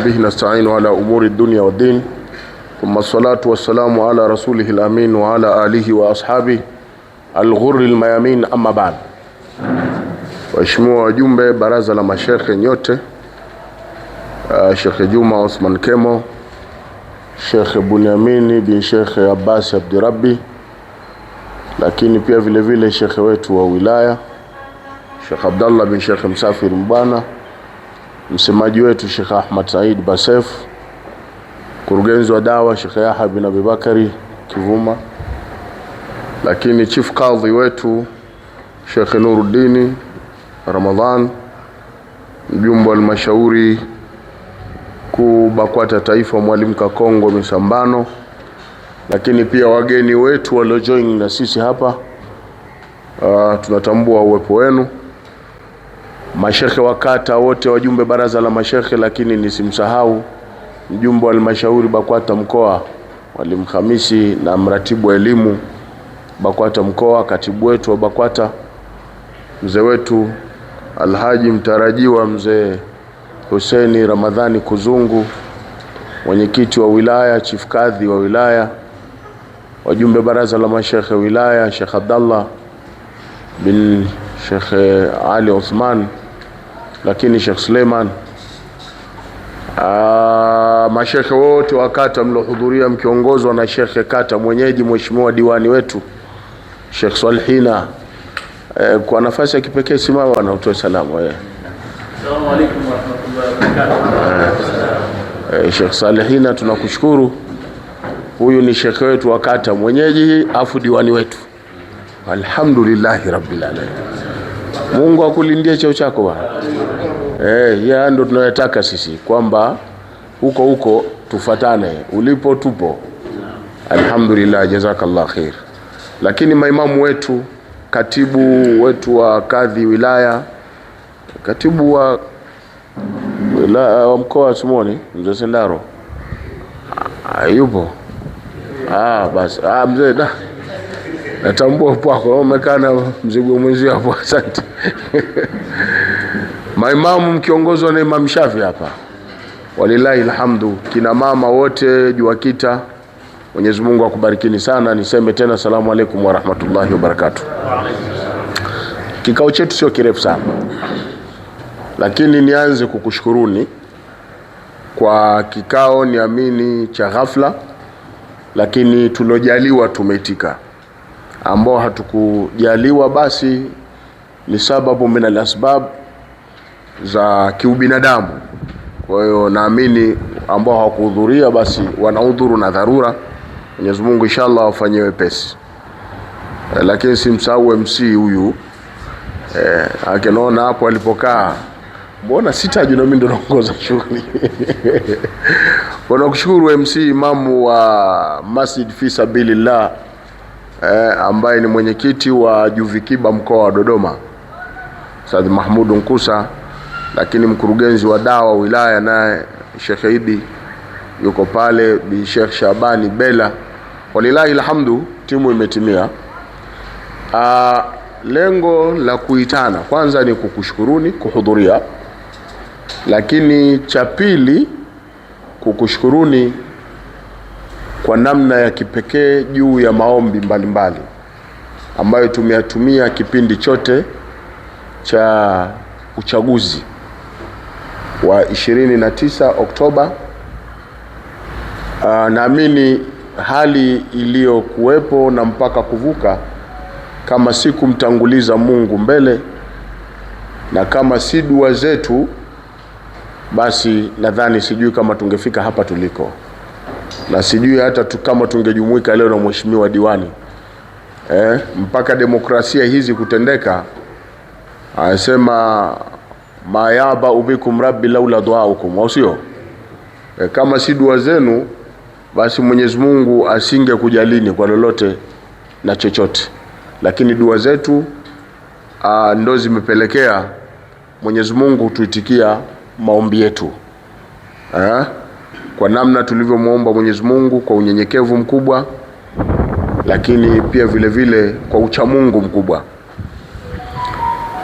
وبه نستعين على أمور الدنيا والدين ثم الصلاة والسلام على رسوله الأمين وعلى آله وأصحابه الغر الميامين أما بعد Waheshimiwa wajumbe baraza la mashekhe nyote, uh, Shekhe Juma Osman Kemo, Shekhe Bunyamini bin Shekhe Abbas Abdirabi, lakini pia vilevile shekhe wetu wa wilaya Shekhe Abdallah bin Shekhe Msafiri Mbwana Msemaji wetu Sheikh Ahmad Said Basef, mkurugenzi wa dawa Sheikh Yahya bin Abubakari Kivuma, lakini chief kadhi wetu Sheikh Nuruddin Ramadhan, mjumbe wa halmashauri kuu BAKWATA taifa Mwalimu Kakongo Misambano, lakini pia wageni wetu waliojoin na sisi hapa. Uh, tunatambua uwepo wenu mashekhe wa kata wote, wajumbe baraza la mashekhe, lakini nisimsahau mjumbe wa halmashauri BAKWATA mkoa Mwalimu Hamisi na mratibu wa elimu BAKWATA mkoa, katibu wetu wa BAKWATA mzee wetu Alhaji mtarajiwa mzee huseni Ramadhani Kuzungu, mwenyekiti wa wilaya, chief kadhi wa wilaya, wajumbe baraza la mashekhe wilaya, Sheikh Abdallah bin Sheikh Ali Uthman lakini Sheikh Suleiman, ah, mashekhe wote wa kata mliohudhuria, mkiongozwa na shekhe kata mwenyeji, mheshimiwa diwani wetu Sheikh Salhina, e, eh, kwa nafasi ya kipekee simama na utoe salamu e. Eh. alaykum wa rahmatullahi wa E, eh, Sheikh Salhina tunakushukuru. Huyu ni shekhe wetu wa kata mwenyeji afu diwani wetu. Alhamdulillahi rabbil alamin. Mungu akulindie cheo chako bwana eh, ya ndo tunayotaka sisi kwamba huko huko tufatane, ulipo tupo. Alhamdulillah, jazakallah khair. Lakini maimamu wetu, katibu wetu wa kadhi wilaya, katibu wa wa mkoa wa Simoni, mzee Sendaro ah, yupo? Ah, basi ah, mzee da natambua pwako umekaa na mzigo mwenzio hapo. Asante. Maimamu mkiongozwa na Imam Shafi hapa, walilahi alhamdu, kina mama wote kita, Mwenyezi Mungu akubarikini sana. Niseme tena salamu alaykum wa rahmatullahi wa barakatuh. Kikao chetu sio kirefu sana, lakini nianze kukushukuruni kwa kikao, niamini cha ghafla, lakini tulojaliwa tumeitika, ambao hatukujaliwa basi ni sababu min asbab za kiubinadamu. Kwa hiyo naamini ambao hawakuhudhuria basi wanaudhuru na dharura, Mwenyezi Mungu inshallah wafanyie wepesi. E, lakini si msahau MC huyu e, eh, akinaona hapo alipokaa, mbona sitaji na mimi ndo naongoza shughuli wanakushukuru MC imamu wa Masjid fi sabilillah e, ambaye ni mwenyekiti wa Juvikiba mkoa wa Dodoma Ustadh Mahmud Nkusa lakini mkurugenzi wa dawa wilaya naye Sheikh yuko pale, bi Sheikh Shabani Bela. Walilahi alhamdu, timu imetimia. Aa, ah, lengo la kuitana kwanza ni kukushukuruni kuhudhuria, lakini cha pili kukushukuruni kwa namna ya kipekee juu ya maombi mbalimbali mbali, ambayo tumeyatumia kipindi chote cha uchaguzi wa 29 Oktoba. Uh, naamini hali iliyokuwepo na mpaka kuvuka, kama si kumtanguliza Mungu mbele na kama si dua zetu, basi nadhani sijui kama tungefika hapa tuliko, na sijui hata tu kama tungejumuika leo na mheshimiwa diwani eh, mpaka demokrasia hizi kutendeka, anasema mayabau ubikum rabbi laula duaukum, au sio? E, kama si dua zenu basi Mwenyezi Mungu kujalini kwa lolote na chochote, lakini dua zetu ndo zimepelekea Mwenyezi Mungu tuitikia maombi yetu a, kwa namna tulivyomwomba Mwenyezi Mungu kwa unyenyekevu mkubwa, lakini pia vile vile kwa uchamungu mkubwa.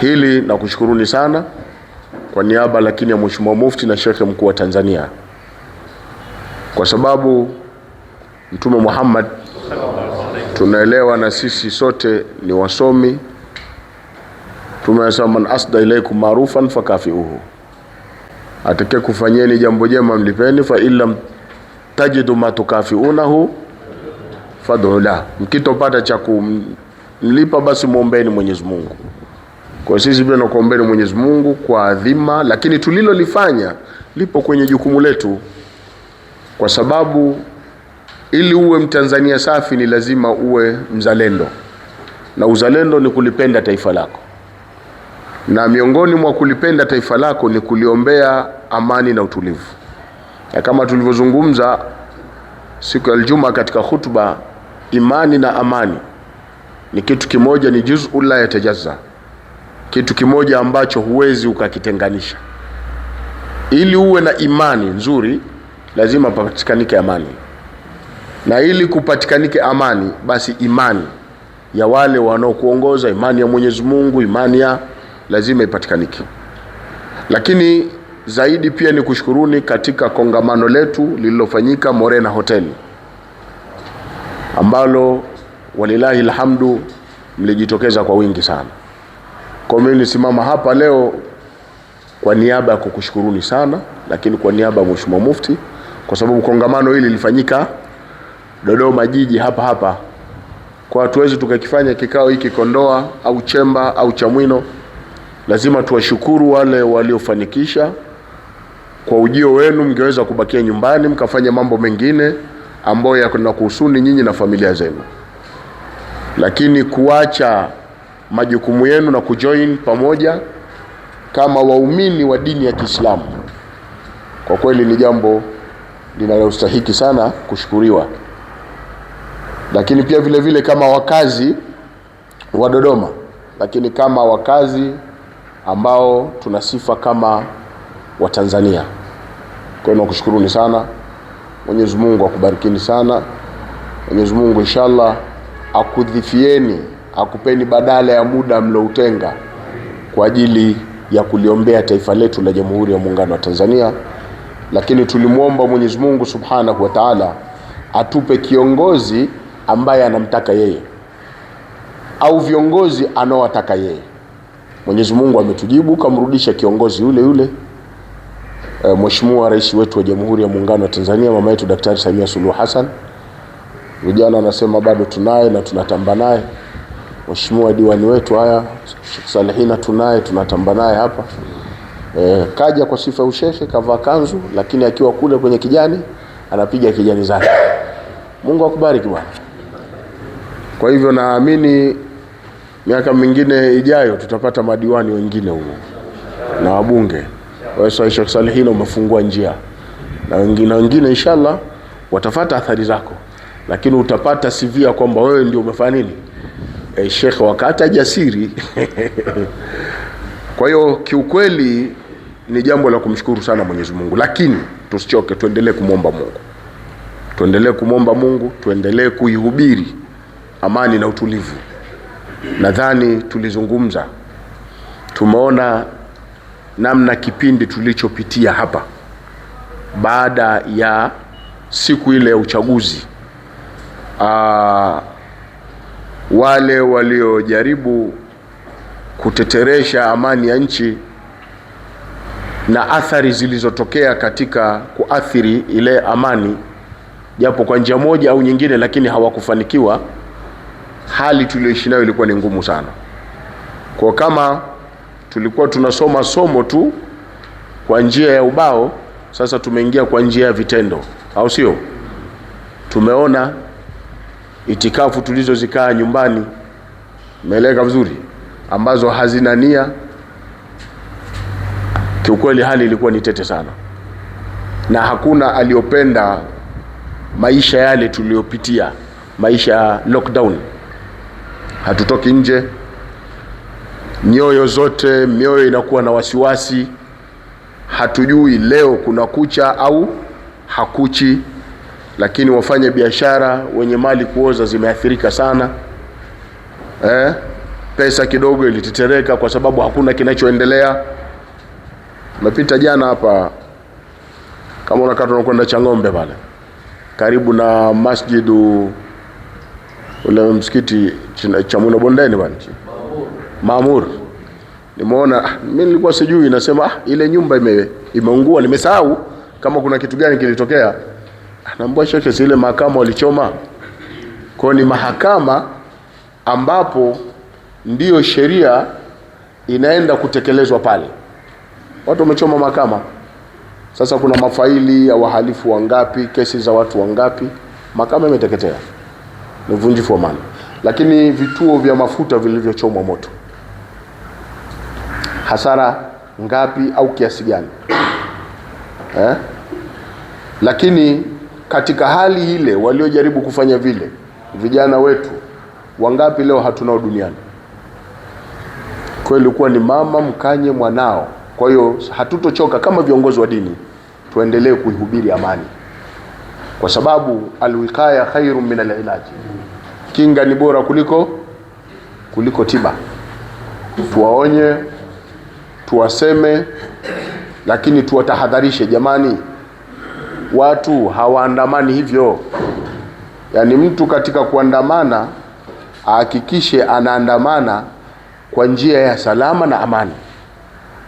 Hili nakushukuruni sana kwa niaba lakini ya Mheshimiwa Mufti na Shekhe Mkuu wa Tanzania, kwa sababu Mtume Muhammad tunaelewa na sisi sote ni wasomi. Mtume anasema man asda ilaikum marufan fakafiuhu, atake kufanyeni jambo jema mlipeni, fa illa tajidu matukafiunahu tukafiunahu la, mkitopata cha kumlipa basi mwombeni Mwenyezi Mungu. Kwa sisi pia nakuombeni Mwenyezi Mungu kwa adhima, lakini tulilolifanya lipo kwenye jukumu letu, kwa sababu ili uwe Mtanzania safi ni lazima uwe mzalendo, na uzalendo ni kulipenda taifa lako, na miongoni mwa kulipenda taifa lako ni kuliombea amani na utulivu. Na kama tulivyozungumza siku ya Ijumaa katika hutuba, imani na amani ni kitu kimoja, ni juz'u la yatajaza kitu kimoja ambacho huwezi ukakitenganisha. Ili uwe na imani nzuri, lazima patikanike amani, na ili kupatikanike amani, basi imani ya wale wanaokuongoza, imani ya Mwenyezi Mungu, imani ya lazima ipatikanike. Lakini zaidi pia ni kushukuruni katika kongamano letu lililofanyika Morena Hotel ambalo walilahi alhamdu mlijitokeza kwa wingi sana. Kwa mimi nilisimama hapa leo kwa niaba ya kukushukuruni sana, lakini kwa niaba ya Mheshimiwa Mufti, kwa sababu kongamano hili lilifanyika Dodoma jiji hapa hapa, kwa hatuwezi tukakifanya kikao hiki Kondoa au Chemba au Chamwino. Lazima tuwashukuru wale waliofanikisha. Kwa ujio wenu mngeweza kubakia nyumbani mkafanya mambo mengine ambayo yanakuhusuni nyinyi na familia zenu, lakini kuacha majukumu yenu na kujoin pamoja kama waumini wa dini ya Kiislamu. Kwa kweli ni jambo linalostahiki sana kushukuriwa, lakini pia vile vile kama wakazi wa Dodoma, lakini kama wakazi ambao tuna sifa kama Watanzania. Kwa hiyo nakushukuruni sana. Mwenyezi Mungu akubarikini sana. Mwenyezi Mungu inshallah akudhifieni akupeni badala ya muda mloutenga kwa ajili ya kuliombea taifa letu la Jamhuri ya Muungano wa Tanzania, lakini tulimwomba Mwenyezi Mungu Subhanahu wa Ta'ala atupe kiongozi ambaye anamtaka yeye au viongozi anaowataka yeye. Mwenyezi Mungu ametujibu kamrudisha kiongozi yule yule e, Mheshimiwa Rais wetu wa Jamhuri ya Muungano wa Tanzania mama yetu Daktari Samia Suluhu Hassan. Vijana anasema bado tunaye na tunatamba naye. Mheshimiwa diwani wetu haya Salihina tunaye, tunatamba naye hapa e, kaja kwa sifa ya ushehe, kavaa kanzu, lakini akiwa kule kwenye kijani anapiga kijani zake. Mungu akubariki bwana. Kwa hivyo naamini miaka mingine ijayo tutapata madiwani wengine huko na wabunge. Sheikh Salihina umefungua njia na wengine wengine, inshallah watafata athari zako, lakini utapata CV kwamba wewe ndio umefanya nini e, eh, shekhe wakata jasiri kwa hiyo kiukweli ni jambo la kumshukuru sana Mwenyezi Mungu, lakini tusichoke, tuendelee kumwomba Mungu, tuendelee kumwomba Mungu, tuendelee kuihubiri amani na utulivu. Nadhani tulizungumza, tumeona namna kipindi tulichopitia hapa baada ya siku ile ya uchaguzi aa, wale waliojaribu kuteteresha amani ya nchi na athari zilizotokea katika kuathiri ile amani, japo kwa njia moja au nyingine, lakini hawakufanikiwa. Hali tuliyoishi nayo ilikuwa ni ngumu sana, kwa kama tulikuwa tunasoma somo tu kwa njia ya ubao, sasa tumeingia kwa njia ya vitendo, au sio? Tumeona itikafu tulizozikaa nyumbani, umeeleweka vizuri, ambazo hazina nia, kiukweli hali ilikuwa ni tete sana, na hakuna aliyopenda maisha yale tuliyopitia, maisha ya lockdown. Hatutoki nje, nyoyo zote, mioyo inakuwa na wasiwasi, hatujui leo kuna kucha au hakuchi lakini wafanya biashara wenye mali kuoza zimeathirika sana eh? Pesa kidogo ilitetereka kwa sababu hakuna kinachoendelea. Napita jana hapa, kama unakaa tunakwenda Chang'ombe pale karibu na masjidu ule msikiti cha Mwino Bondeni bwana Maamur, nimeona ah, mimi nilikuwa sijui, nasema ah, ile nyumba ime, imeungua, nimesahau kama kuna kitu gani kilitokea. Anaambia shekhe, zile mahakama walichoma. Kwa ni mahakama ambapo ndiyo sheria inaenda kutekelezwa pale. Watu wamechoma mahakama. Sasa kuna mafaili ya wahalifu wangapi, kesi za watu wangapi? Mahakama imeteketea, ni uvunjifu wa amani. Lakini vituo vya mafuta vilivyochomwa moto, hasara ngapi au kiasi gani eh? Lakini katika hali ile waliojaribu kufanya vile, vijana wetu wangapi leo hatunao duniani? Kwa hiyo ilikuwa ni mama mkanye mwanao. Kwa hiyo hatutochoka kama viongozi wa dini, tuendelee kuihubiri amani, kwa sababu alwiqaya khairu min alilaji, kinga ni bora kuliko kuliko tiba. Tuwaonye, tuwaseme, lakini tuwatahadharishe, jamani watu hawaandamani hivyo. Yaani mtu katika kuandamana ahakikishe anaandamana kwa njia ya salama na amani,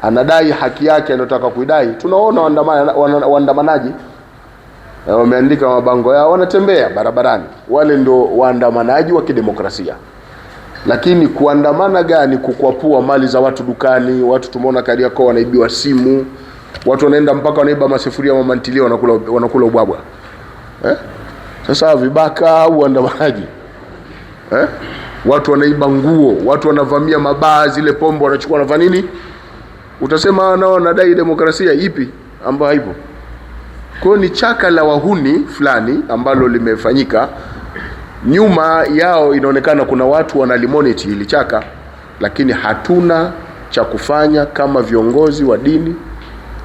anadai haki yake anayotaka kuidai. Tunaona waandamanaji wameandika mabango yao, wanatembea barabarani, wale ndio waandamanaji wa kidemokrasia. Lakini kuandamana gani? Kukwapua mali za watu dukani, watu tumeona Kariakoo wanaibiwa simu watu wanaenda mpaka wanaiba masufuria mamantilia, wanakula wanakula ubwabwa eh? Sasa vibaka au waandamanaji eh? Watu wanaiba nguo, watu wanavamia mabaa, zile pombo wanachukua, wanafanya nini? Utasema ah, nao wanadai demokrasia ipi ambayo haipo? Kwa hiyo ni chaka la wahuni fulani ambalo limefanyika. Nyuma yao inaonekana kuna watu wanalimoniti hili chaka, lakini hatuna cha kufanya kama viongozi wa dini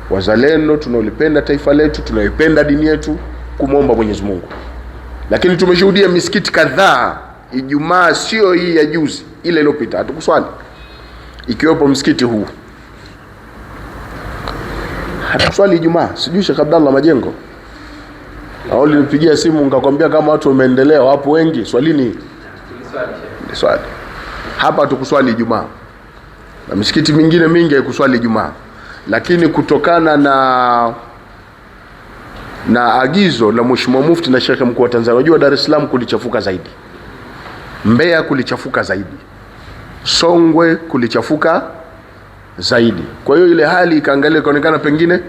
wazalendo tunaolipenda taifa letu, tunaoipenda dini yetu, kumwomba Mwenyezi Mungu. Lakini tumeshuhudia misikiti kadhaa Ijumaa, sio hii ya juzi, ile iliyopita, hatukuswali ikiwepo msikiti huu, hatukuswali Ijumaa. Sijui Sheikh Abdallah Majengo au nilipigia simu nikakwambia kama watu wameendelea, wapo wengi, swalini swali hapa. Hatukuswali Ijumaa na misikiti mingine mingi haikuswali Ijumaa lakini kutokana na na agizo la Mheshimiwa Mufti na Sheikh Mkuu wa Tanzania, unajua Dar es Salaam kulichafuka zaidi, Mbeya kulichafuka zaidi, Songwe kulichafuka zaidi. Kwa hiyo ile hali ikaangalia, ikaonekana pengine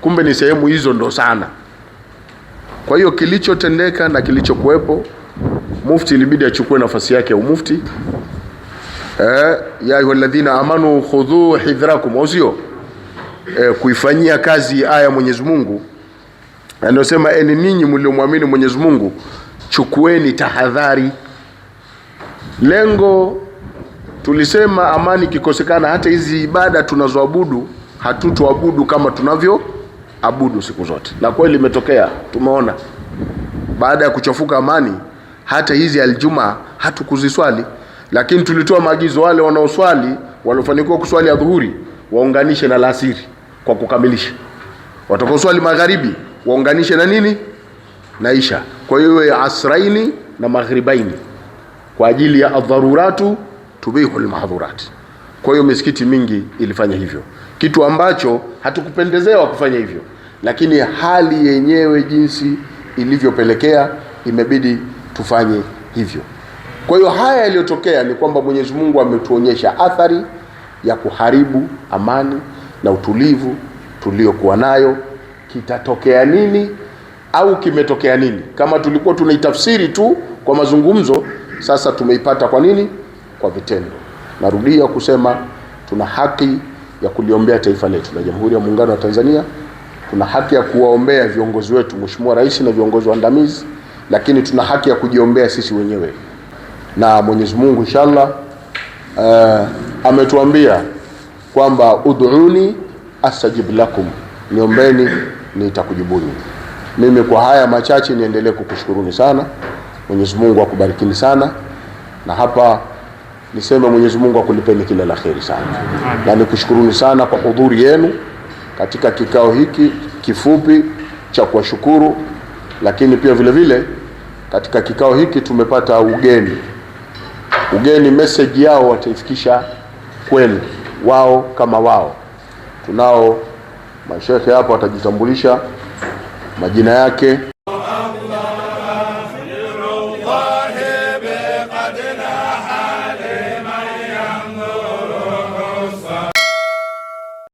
kumbe ni sehemu hizo ndo sana. Kwa hiyo kilichotendeka na kilichokuwepo, Mufti ilibidi achukue nafasi yake ya umufti. Eh, ya alladhina amanu khudhu hidhrakum, au sio? eh, kuifanyia kazi aya Mwenyezi Mungu anasema, eni ninyi mliomwamini Mwenyezi Mungu chukueni tahadhari. Lengo tulisema amani ikikosekana, hata hizi ibada tunazoabudu hatutoabudu kama tunavyoabudu siku zote, na kweli imetokea, tumeona baada ya kuchafuka amani, hata hizi aljuma hatukuziswali, lakini tulitoa maagizo wale wanaoswali waliofanikiwa kuswali adhuhuri waunganishe na laasiri kwa kukamilisha. Watakaoswali magharibi waunganishe na nini na isha, kwa hiyo iwe asraini na maghribaini kwa ajili ya adharuratu tubihu almahdhurat. Kwa hiyo misikiti mingi ilifanya hivyo, kitu ambacho hatukupendezewa kufanya hivyo, lakini hali yenyewe jinsi ilivyopelekea imebidi tufanye hivyo. Kwa hiyo haya yaliyotokea ni kwamba Mwenyezi Mungu ametuonyesha athari ya kuharibu amani na utulivu tuliokuwa nayo, kitatokea nini au kimetokea nini? Kama tulikuwa tunaitafsiri tu kwa mazungumzo, sasa tumeipata kwa nini? Kwa vitendo. Narudia kusema tuna haki ya kuliombea taifa letu la Jamhuri ya Muungano wa Tanzania. Tuna haki ya kuwaombea viongozi wetu, Mheshimiwa Rais na viongozi waandamizi, lakini tuna haki ya kujiombea sisi wenyewe na Mwenyezi Mungu inshallah. Uh, eh, ametuambia kwamba ud'uni astajib lakum, niombeni nitakujibuni. Mimi kwa haya machache niendelee kukushukuruni sana. Mwenyezi Mungu akubarikini sana, na hapa niseme Mwenyezi Mungu akulipeni kila la kheri sana, na nikushukuruni sana kwa hudhuri yenu katika kikao hiki kifupi cha kuwashukuru, lakini pia vile vile katika kikao hiki tumepata ugeni ugeni, message yao wataifikisha kwenu wao kama wao. Tunao mashehe hapa watajitambulisha majina yake.